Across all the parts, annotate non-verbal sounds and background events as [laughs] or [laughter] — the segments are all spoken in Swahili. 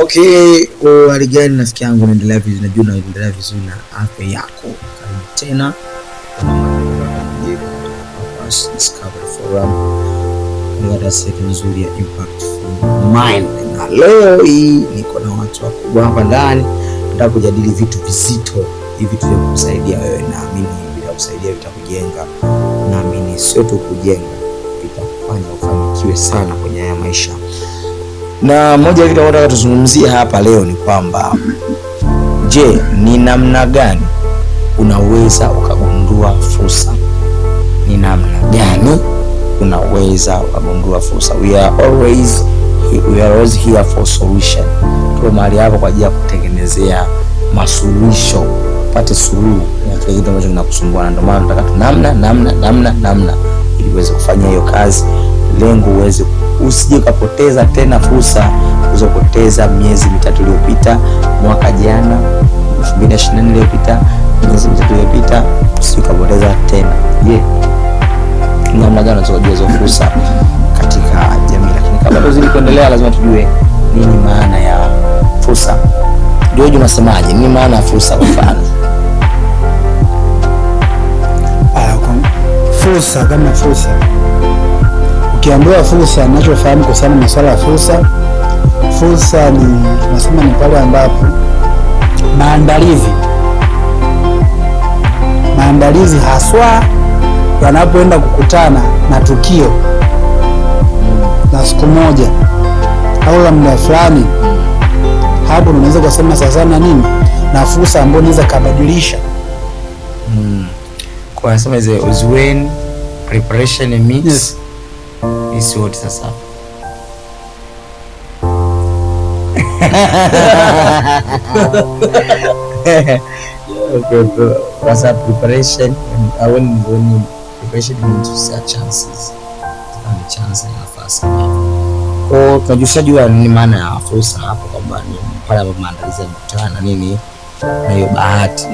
Okay, hali gani? Nasikia yangu naendelea vizuri, najua naendelea vizuri na afya yako. Karibu tena Discovery Forum, daraseti nzuri ya Impact Mind, na leo hii niko na watu wakubwa hapa ndani, nataka kujadili vitu vizito, hivi vitu vya kumsaidia wewe. Naamini vitakusaidia, vitakujenga. Naamini sio tu kujenga, vitakufanya ufanikiwe sana kwenye haya maisha. Na moja ya vitu ambavyo nataka tuzungumzie hapa leo ni kwamba je, ni namna gani unaweza ukagundua fursa? Ni namna gani unaweza ukagundua fursa? We are always we are always here for solution. Tuko mahali hapa kwa ajili ya kutengenezea masuluhisho, upate suluhu na kile kitu ambacho kinakusumbua, na ndio maana tunataka namna namna namna namna ili uweze kufanya hiyo kazi lengo uweze usije ukapoteza tena fursa ulizopoteza miezi mitatu iliyopita, mwaka jana 2024 iliyopita, miezi mitatu iliyopita, usije ukapoteza tena. Je, yeah. namna gani unaweza kujua fursa katika jamii? Lakini kabla tuweze kuendelea, lazima tujue nini maana ya fursa. George, unasemaje? Nini maana ya fursa kwa mfano? Ah, fursa kama fursa Ukiambiwa fursa, ninachofahamu kuhusiana na masuala ya fursa, fursa ni tunasema ni pale ambapo maandalizi maandalizi haswa wanapoenda kukutana na tukio la siku moja au la muda fulani, hapo unaweza kusema sasa na nini na fursa ambayo unaweza kabadilisha mm. kwa nasema ze a preparation meets yes. Isi wote sasa preparation preparation to chances and tunajusha oh, jua ni maana ya fursa hapo, kwamba ni pale ambapo maandalizi ya na nini na hiyo bahati.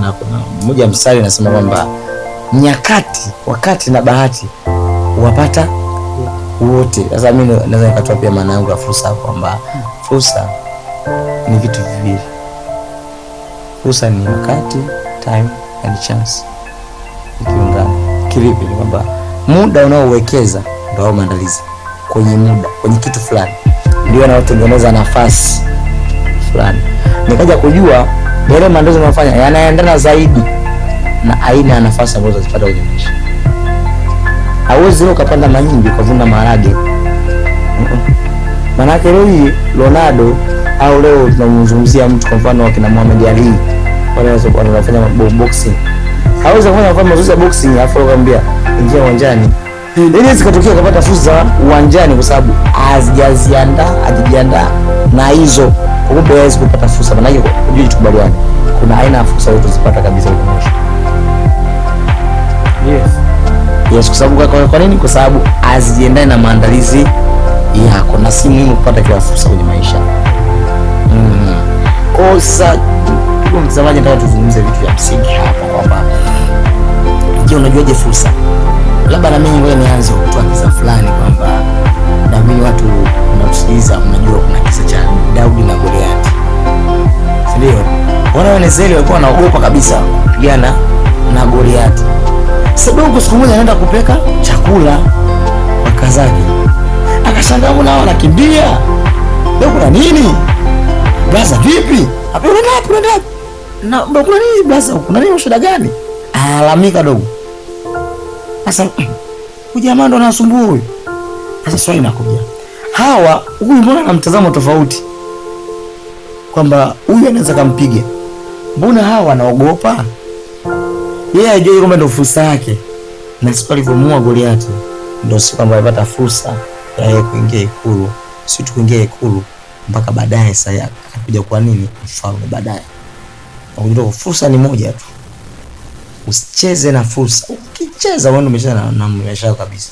Na kuna mmoja mstari anasema kwamba nyakati, wakati na bahati wapata wote. Sasa mimi naweza nikatoa pia maana yangu ya fursa kwamba fursa ni vitu viwili, fursa ni wakati time and chance ikiungana. Kilipi ni kwamba muda unaowekeza ndio maandalizi kwenye muda kwenye kitu fulani ndio anaotengeneza nafasi fulani, nikaja kujua yale maandalizi unayofanya yanaendana zaidi na aina ya nafasi ambazo unazipata kwenye maisha. Hauwezi ukapanda mahindi ukavuna maharage. Maanake leo hii Ronaldo au leo tunamzungumzia mtu kwa mfano akina Muhammad Ali wale wanafanya boxing. Hawezi kufanya mfano mazoezi ya boxing afu akamwambia ingia uwanjani. Ili yaani zikatokea kapata fursa uwanjani kwa sababu hazijaziandaa, hajijiandaa na hizo. Kwa hiyo hawezi kupata fursa maanake, kujui tukubaliane. Kuna aina ya fursa yote zipata kabisa huko. Yes, kwa sababu kwa, kwa nini? Kwa sababu azijiendane na maandalizi yako, na si muhimu kupata kila fursa kwenye maisha mm. Kwa sasa mtazamaji, nataka tuzungumze vitu vya msingi hapa kwamba je, unajuaje fursa? Labda na mimi ngoja nianze kutoa kisa fulani kwamba naamini watu mnaosikiliza mnajua kuna kisa cha Daudi na Goliati, si ndio? Wana Waisraeli walikuwa wanaogopa kabisa kupigana na Goliati Sadogo siku moja anaenda kupeka chakula wakazaji, akashangaa mbona anakimbia wanakimbia leo, kuna nini blaza? Vipi na kuna nini blaza, kuna nini, shida gani? Alamika dogo. Sasa [clears throat] ujamaa ndo anasumbua huyu. Sasa swali nakuja, hawa huyu mbona ana mtazamo tofauti kwamba huyu anaweza kampiga, mbona hawa wanaogopa? yeye yeah, hajui kwamba ndio fursa yake, na siku alivyomua Goliati ndio siku ambayo alipata fursa ya yeye kuingia ikulu, si tu kuingia ikulu, mpaka baadaye saya akakuja kwa nini mfalme baadaye. Unajua fursa ni moja tu, usicheze na fursa. Ukicheza wewe umesha na namna umesha kabisa.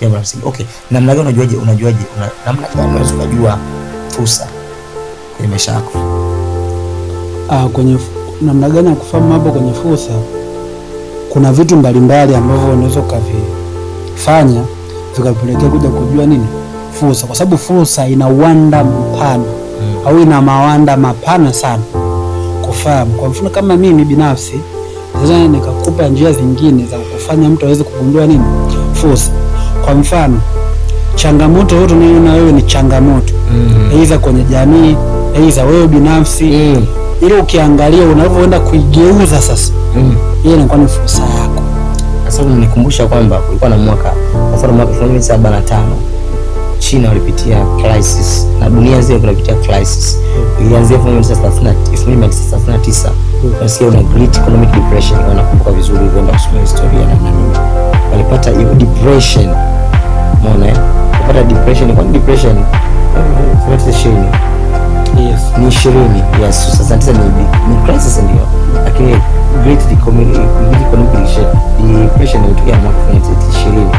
Jambo la msingi. Okay, namna gani unajuaje? Unajuaje? Una, namna gani unaweza kujua fursa kwenye maisha yako? Ah, kwenye namna gani ya kufahamu mambo kwenye fursa, kuna vitu mbalimbali ambavyo unaweza ukavifanya vikapelekea kuja kujua nini fursa, kwa sababu fursa ina uwanda mpana hmm, au ina mawanda mapana sana kufahamu. Kwa mfano kama mimi binafsi naweza nikakupa njia zingine za kufanya mtu aweze kugundua nini fursa. Kwa mfano changamoto yote unayoona wewe ni changamoto, hmm, aidha kwenye jamii, aidha wewe binafsi hmm. Ile ukiangalia unavyoenda kuigeuza sasa, mm. ile inakuwa ni fursa yako. Sasa unanikumbusha kwamba kulikuwa na mwaka kwa mfano mwaka 1975 China walipitia crisis na dunia nzima inapitia crisis. Ilianzia 1939 mm. nasikia una great economic depression, wanakumbuka vizuri, kwenda kusoma historia na nini, walipata hiyo depression, umeona eh, walipata depression. Kwa depression, kwa depression ni ishirini yes. Sasa tisa ni crisis ndio, lakini great depression ilitokea mwaka 1920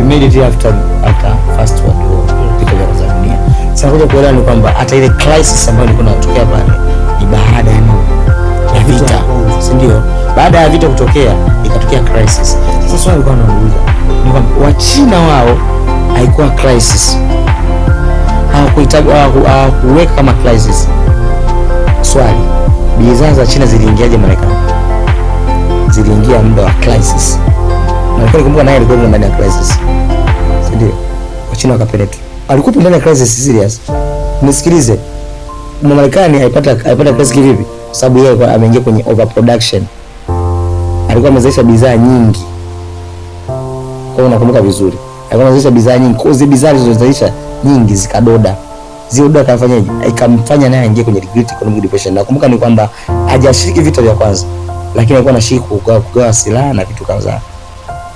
immediately after after first world war vita vya dunia. Sasa kuja kuelewa ni kwamba hata ile crisis ambayo ilikuwa inatokea pale ni baada ya ya vita, si ndio? Baada ya vita kutokea ikatokea crisis. Sasa swali nilikuwa nauliza ni kwamba Wachina wao haikuwa crisis hawakuweka kama crisis. Swali, bidhaa za China ziliingiaje Marekani? Ziliingia muda wa crisis, na kumbuka naye alikuwa ndani ya crisis, Sidi. ndio? Wachina wakapeleka, alikuwa ndani ya crisis serious. Nisikilize, Marekani haipata haipata pesa kivipi? Sababu yeye ameingia kwenye overproduction, alikuwa amezalisha bidhaa nyingi, kwa unakumbuka vizuri, alikuwa amezalisha bidhaa nyingi, kwa hizo bidhaa zilizozalisha nyingi zikadoda zile doda kafanyaje, ikamfanya naye aingie kwenye great economic depression. Nakumbuka ni kwamba hajashiriki vita vya kwanza, lakini alikuwa anashiriki kugawa, kugawa silaha na vitu kadhaa,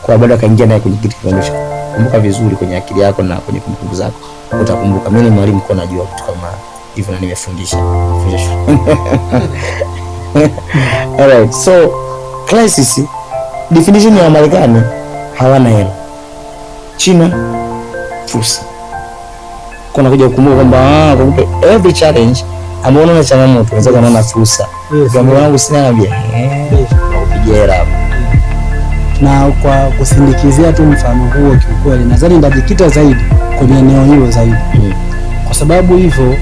kwa bado akaingia naye kwenye great economic depression. Kumbuka vizuri kwenye akili yako na kwenye kumbukumbu zako, utakumbuka. Mimi ni mwalimu kwa najua kitu kama hivyo na nimefundisha fundisha. [laughs] Alright, so crisis definition ya Marekani hawana hela, China fursa kuna kuja kukumbuka kwamba ah, kumbe every challenge ambao unaona changamoto unaweza kuona fursa. Kwa wangu sina na bia. Na kwa kusindikizia tu mfano huo, kiukweli nadhani ndajikita zaidi kwenye eneo hilo zaidi, mm. kwa sababu hivyo,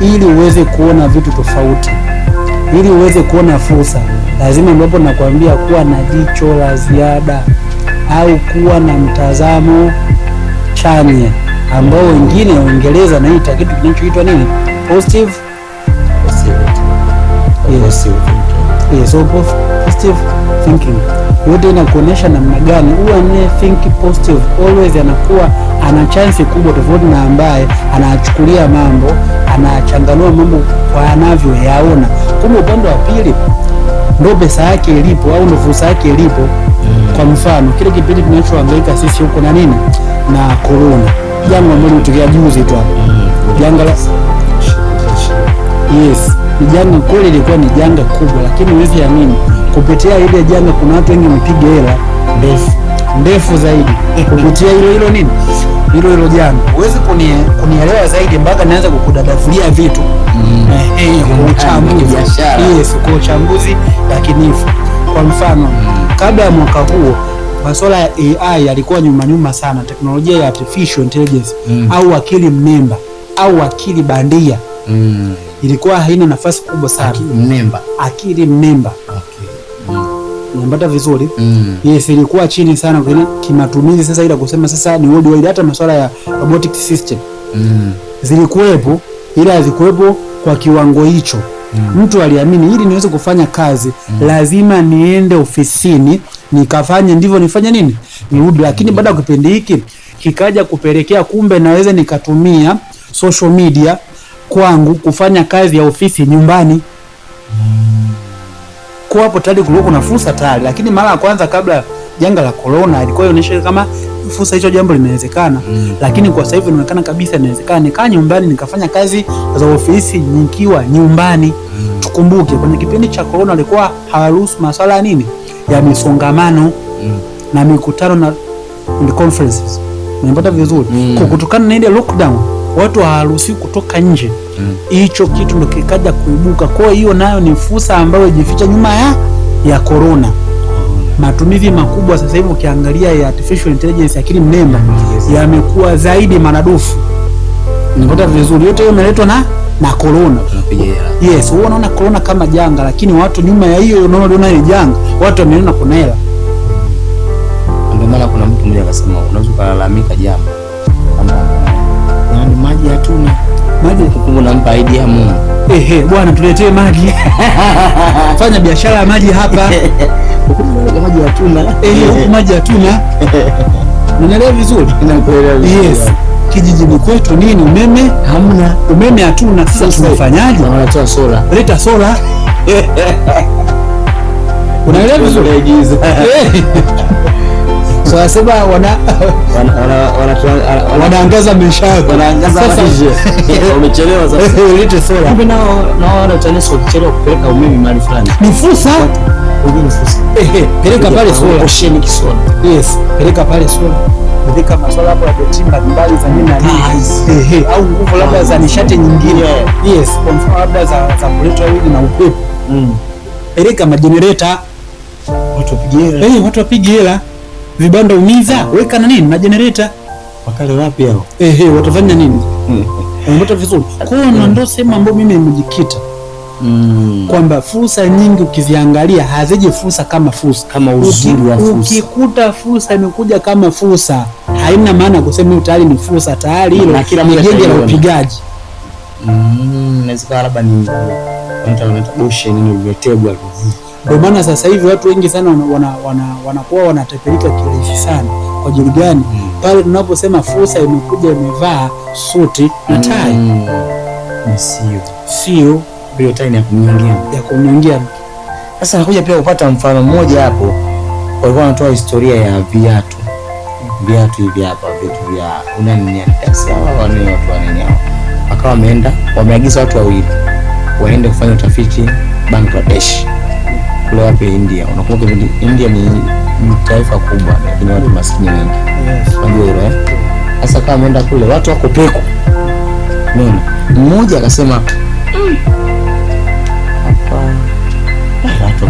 ili uweze kuona vitu tofauti, ili uweze kuona fursa, lazima ambapo nakwambia kuwa na jicho la ziada au kuwa na mtazamo chanya ambao wengine Waingereza naita kitu kinachoitwa nini? Positive positive. Yes. Yes, so positive thinking yote inakuonyesha namna gani huwa anaye think positive always anakuwa ana chance kubwa, tofauti na ambaye anachukulia mambo anachanganua mambo kwa anavyoyaona. Kumbe upande wa pili ndo pesa yake ilipo au ndo fursa yake ilipo. Mm. Kwa mfano kile kipindi tunachohangaika sisi huko na nini na korona janga ambalo limetokea juzi tu Janga mm-hmm. la yes, ni janga kweli, ilikuwa ni janga kubwa, lakini huwezi amini, kupitia ile janga kuna watu wengi wamepiga hela ndefu ndefu zaidi [laughs] kupitia hilo hilo nini hilo hilo janga. Huwezi kunielewa zaidi mpaka naanza kukudadafulia vitu mm. eh, eh, kwa uchambuzi biashara, yes, kwa uchambuzi lakini kwa mfano mm. kabla ya mwaka huo masuala ya AI yalikuwa nyuma nyuma sana, teknolojia ya artificial intelligence mm. au akili mnemba au akili bandia mm. ilikuwa haina nafasi kubwa sana. Akili mnemba, akili mnemba unapata vizuri mm. Yes, ilikuwa chini sana kwa kimatumizi. Sasa ila kusema sasa ni worldwide, hata masuala ya robotic system mm. zilikuwepo, ila hazikuwepo kwa kiwango hicho mm. Mtu aliamini ili niweze kufanya kazi mm. lazima niende ofisini nikafanye ndivyo nifanye nini nirudi. Lakini baada ya kipindi hiki kikaja kupelekea kumbe naweza nikatumia social media kwangu kufanya kazi ya ofisi nyumbani kwa hapo tayari kulikuwa kuna fursa tayari, lakini mara ya kwanza kabla janga la corona ilikuwa inaonyesha kama fursa hicho jambo linawezekana mm. Lakini kwa sasa hivi inaonekana kabisa inawezekana, nikaa nyumbani nikafanya kazi za ofisi nikiwa nyumbani mm. Tukumbuke kwenye kipindi cha corona alikuwa hawaruhusu masuala ya nini ya misongamano mm. na mikutano na conferences. Unapata vizuri mm. kutokana na ile lockdown watu hawaruhusiwi kutoka nje mm. hicho mm. kitu ndo kikaja kuibuka. Kwa hiyo nayo ni fursa ambayo ijificha nyuma ya ya corona mm. matumizi makubwa sasa hivi ukiangalia ya artificial intelligence, akili mnemba, yamekuwa zaidi maradufu. Nipata vizuri, yote hiyo imeletwa na na corona yes, wewe unaona corona kama janga, lakini watu nyuma ya hiyo unaona ni janga, watu wameona kuna hela. Ndio maana kuna mtu mmoja akasema unaweza kulalamika jambo, yaani maji hatuna maji, na mpa idea Mungu, ehe, bwana tuletee maji [laughs] fanya biashara ya maji hapa maji hatuna, ehe, huku maji hatuna, [laughs] unaelewa vizuri? Nakuelewa vizuri. Yes kijijini kwetu nini, umeme hamna, umeme hatuna. Sasa tunafanyaje? Wanatoa sola, leta sola. [laughs] Unaelewa vizuri [laughs] so asema wana wanaangaza maisha yako, wanaangaza umechelewa. Sasa [laughs] lete sola, kumbe nao nao wana TANESCO wakichelewa kupeleka umeme mahali fulani ni fursa peleka pale sola, osheni kisola. Yes, peleka pale sola kudhika masuala hapo ya beti mbalimbali za nini na nini, ehe, eh, au nguvu labda za nishati nyingine, yes, kwa mfano labda za za kuleta wind na upepo, mm, peleka majenereta, watu wapige hela, eh, watu wapige hela, vibanda umiza, ah. weka na nini na jenereta, wakale wapi hao, ehe, eh, watafanya nini? Mm, unapata vizuri kwa, na mm. ndio sema ambayo mimi nimejikita mm. kwamba fursa nyingi ukiziangalia haziji fursa kama fursa kama uzuri wa fursa. Ukikuta fursa imekuja kama fursa, haina maana kusema hiyo tayari ni fursa, tayari hilo ni genge la upigaji. Mm, Inawezekana labda ni nini uliotegwa ndio maana sasa hivi watu wengi sana wanakuwa wana, wana kirahisi sana. Kwa ajili gani? mm. pale tunaposema fursa imekuja imevaa suti na tai, mm. sio mm. sio hiyo time ya kumnyongia ya kumnyongia. Sasa nakuja pia kupata mfano mmoja hapo, walikuwa wanatoa historia ya viatu viatu hivi hapa, vitu vya akawa wameenda wameagiza watu wawili waende kufanya utafiti Bangladesh kule wapi India. Unakumbuka India ni, ni taifa kubwa lakini watu maskini wengi. Yes. Unajua hilo eh? Sasa kama ameenda kule watu wako peku. Mmoja akasema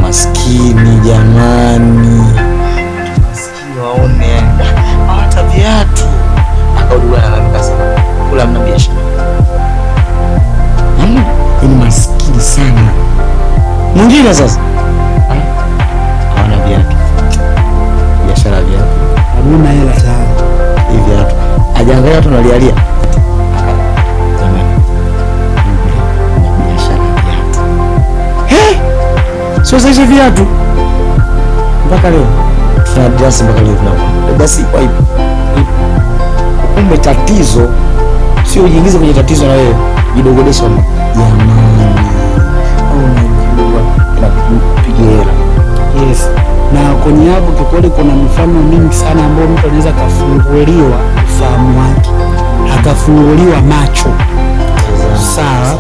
maskini jamani, maskini waone hata viatu akauduanaakasema kula mna biashara yani hmm? maskini sana mwingine sasa Sasa hizi viatu mpaka leo tuna Adidas mpaka leo tuna Adidas ipo ipo. Kumbe tatizo sio ujiingize kwenye tatizo na wewe jidogodesha jamani, au na yes na kwenye hapo kikweli, kuna mifano mingi sana ambayo mtu anaweza akafunguliwa ufahamu wake akafunguliwa macho sawa,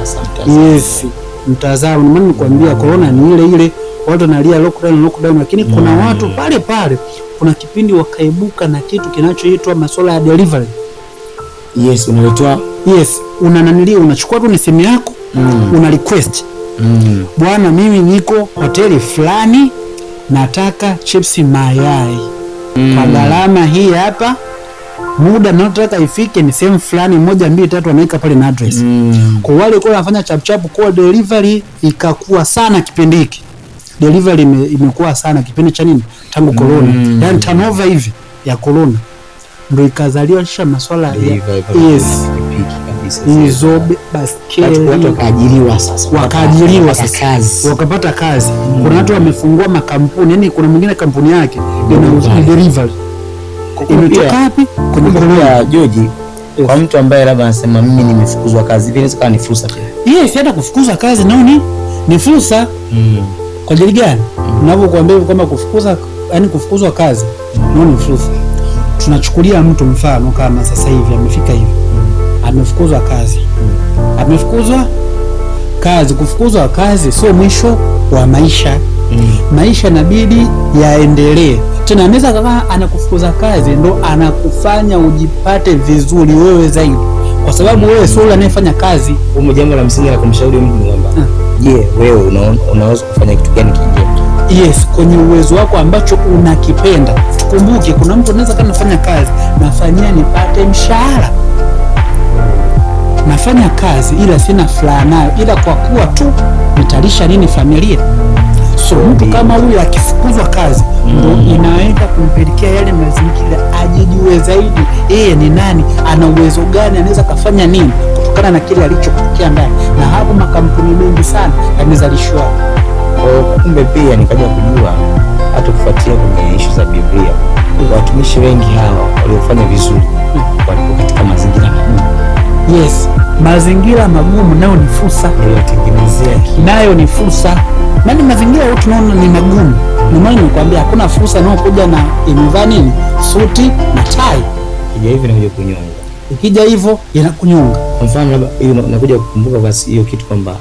yes, mtazamo. Maana nikwambia korona ni ile ile watu wanalia lockdown lockdown, lakini mm. kuna watu pale pale, kuna kipindi wakaibuka na kitu kinachoitwa masuala ya delivery. Yes, unaitwa yes, una nanili, unachukua tu ni simu yako mm. una request mm. bwana, mimi niko hoteli fulani, nataka chipsi mayai mm. kwa gharama hii hapa muda nataka ifike ni sehemu fulani, moja mbili tatu, anaweka pale na address mm. kwa wale walikuwa wanafanya chapchap kwa delivery, ikakuwa sana kipindi hiki delivery ime, imekuwa sana kipindi cha nini tangu corona mm. Yani turnover hivi ya corona ndio ikazaliwaisha masuala hizo wakaajiriwa sasa, kazi wakapata kazi. mm. Kuna watu wamefungua makampuni, yani kuna mwingine kampuni yake inauza delivery. Imetoka wapi? Kwenye corona, George kwa mtu ambaye labda anasema mimi nimefukuzwa kazi, vile ni fursa pia. Yes, hata kufukuzwa kazi nao ni fursa mm. Kwa ajili gani? Ninavyokuambia kwamba kufukuza, yani kufukuzwa kazi ni fursa. Tunachukulia mtu mfano kama sasa hivi amefika hivi, amefukuzwa kazi, amefukuzwa kazi. Kufukuzwa kazi sio mwisho wa maisha. Mm. Maisha inabidi yaendelee. Tena anaweza kama anakufukuza kazi ndo anakufanya ujipate vizuri wewe zaidi kwa sababu wewe sio yule anayefanya kazi. Umo jambo la msingi la kumshauri mtu kwamba ah. je, wewe unaweza kufanya kitu gani kingine? Yes, kwenye uwezo wako ambacho unakipenda. Kumbuke kuna mtu anaweza kana nafanya kazi, nafanyia nipate mshahara, nafanya kazi ila sina furaha nayo, ila kwa kuwa tu nitalisha nini familia So mtu kama huyu akifukuzwa kazi ndo mm. inaenda kumpelekea yale mazingira, ajijue zaidi yeye ni nani, ana uwezo gani, anaweza kafanya nini kutokana na kile alichopokea ndani, na hapo makampuni mengi sana yamezalishwa. Kumbe pia nikaja kujua hata kufuatia kwenye ishu za Biblia, watumishi wengi hawa waliofanya vizuri mm. walikuwa katika mazingira Yes, mazingira magumu nayo ni fursa, nayo ni fursa. Nani mazingira yote tunaona ni magumu, ndio maana nimekwambia hakuna fursa inayokuja na imevaa nini, suti na tai. kija hivi inakuja kunyonga, ukija hivyo inakunyonga. Kwa mfano, labda hiyo nakuja kukumbuka basi hiyo kitu kwamba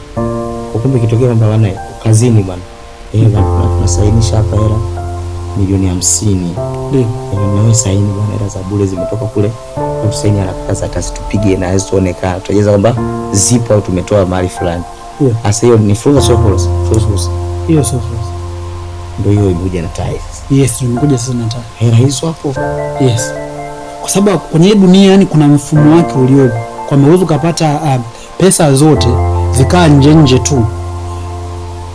kumbe kitokea kwamba bwana kazini, bwana eh, bwana tunasainisha hapa hela milioni hamsini. Yaani saini bwana, hela za bure zimetoka kule, tusaini haraka haraka, zitupige na hazitaonekana, tutajeza kwamba zipo au tumetoa mali fulani. Sasa hiyo ni fursa, sio fursa? Hiyo sio fursa, ndio hiyo imekuja na tai. Yes, imekuja sasa na tai, hela hizo hapo. Yes, kwa sababu kwenye dunia yani kuna mfumo wake uliopo, kwa maana unaweza kupata uh, ah, pesa zote zikaa nje nje tu.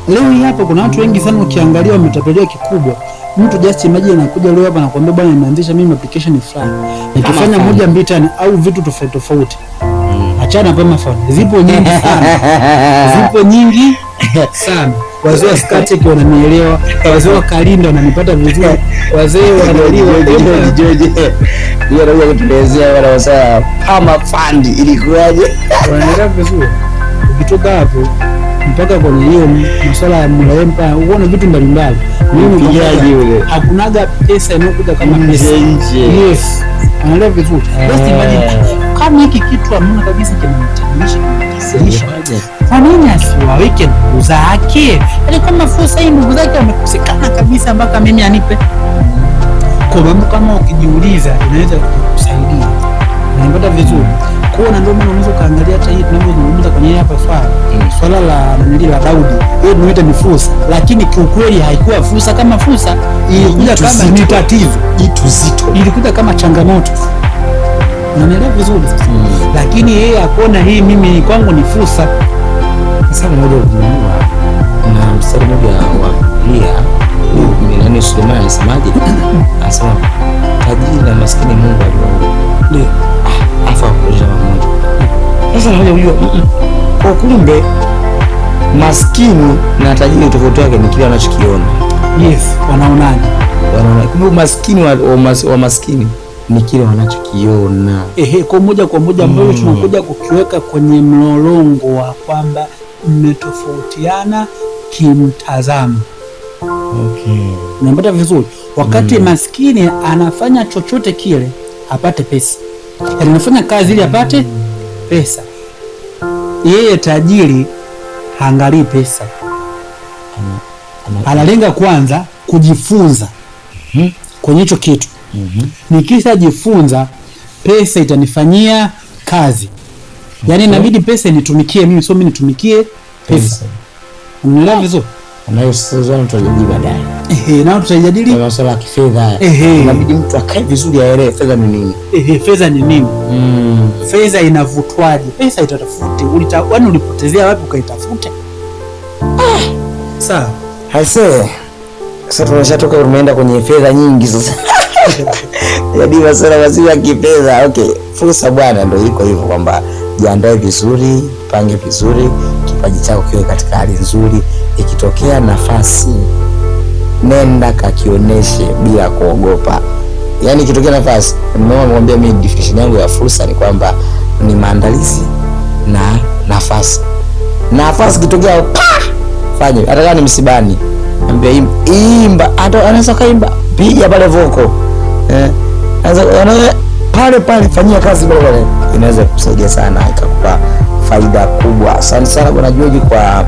Leo hii hapa kuna watu wengi sana, ukiangalia wametapeliwa kikubwa Mtu just imagine anakuja leo hapa nakwambia, bwana, nimeanzisha mimi application fulani nikifanya moja mbili tano au vitu tofauti tofauti. Mm. Achana pema sana, zipo nyingi sana, [laughs] zipo nyingi sana. Wazee wa Skatech wananielewa, wazee wa Kalinda wananipata vizuri, wazee [laughs] [laughs] wa Jojo Jojo hiyo ndio kutuelezea wala wasaa kama fund ilikuwaje, wanaelewa vizuri. Ukitoka hapo mpaka kwenye hiyo masuala ya mlempa, uone vitu mbalimbali. Mpigaji yule hakunaga pesa inayokuja kama pesa nje, yes, anaelewa vizuri. Just eh. imagine kama hiki kitu amna kabisa kinamtanisha kwa nini asiwaweke ndugu zake? Yani kama fursa hii ndugu zake wamekosekana kabisa, mpaka mimi anipe kwa sababu, kama ukijiuliza inaweza kukusaidia, unaipata vizuri kuona, ndio maana unaweza kaangalia hata hii tunavyozungumza kwenye hapa swala mm. swala la nili la Daudi, wewe unaita ni fursa, lakini kiukweli haikuwa fursa kama fursa, ilikuja kama ni tatizo, jitu zito, ilikuja kama changamoto Unanielewa vizuri sasa. Mm. Lakini yeye akuona hii mimi kwangu ni fursa. Sasa mmoja ukiamua na mstari mmoja wa Biblia nani Sulemani anasemaje? [coughs] Anasema tajiri na maskini Mungu aliwaumba. Ndio. Ah, afa kuja sasa unakuja kujua kwa kumbe maskini na tajiri tofauti yake ni kile wanachokiona. Yes, wanaonaje? Wanaona kumbe maskini wa, wa maskini ni kile wanachokiona. Ehe, kwa moja kwa moja ambayo mm. tunakuja kukiweka kwenye mlolongo wa kwamba mmetofautiana kimtazamo. Okay. Unapata vizuri wakati mm, maskini anafanya chochote kile apate pesa, yaani anafanya kazi ili apate mm. pesa yeye tajiri haangalii pesa, analenga kwanza kujifunza hmm, kwenye hicho kitu mhm. Nikishajifunza pesa itanifanyia kazi, yaani inabidi pesa initumikie mimi, sio mimi nitumikie pesa. Unaelewa vizuri? anayosisitiza tutajadili baadaye. Ehe, na tutajadili masuala ya kifedha. Inabidi mtu akae vizuri aelewe fedha ni nini. Ehe, fedha ni nini? Mm. Fedha inavutwaje? Pesa itatafute. Ulita, wani ulipotezea wapi ukaitafute? Ah. Sawa. Haise. Sasa tunashatoka tumeenda kwenye fedha nyingi sasa. [laughs] Yaani masuala mazima ya kifedha. Okay, fursa bwana ndio iko hivyo kwamba jiandae vizuri, pange vizuri kipaji chako kiwe katika hali nzuri. Ikitokea nafasi, nenda kakioneshe bila kuogopa. Yani ikitokea nafasi, nimeona mwambia mimi definition yangu ya fursa ni kwamba ni maandalizi na nafasi. Nafasi ikitokea pa fanye, hata kama ni msibani, ambia imba, hata anaweza kaimba, piga pale voko eh, anaweza pale pale, fanyia kazi bora, inaweza kukusaidia sana ikakupa faida kubwa. Asante sana Bwana George kwa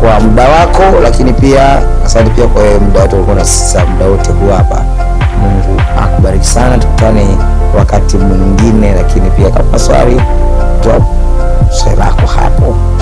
kwa muda wako, lakini pia asante pia kwa muda wote ulikuwa na sisi muda wote huu hapa. Mungu akubariki sana, tukutane wakati mwingine, lakini pia kama swali toa swali lako hapo.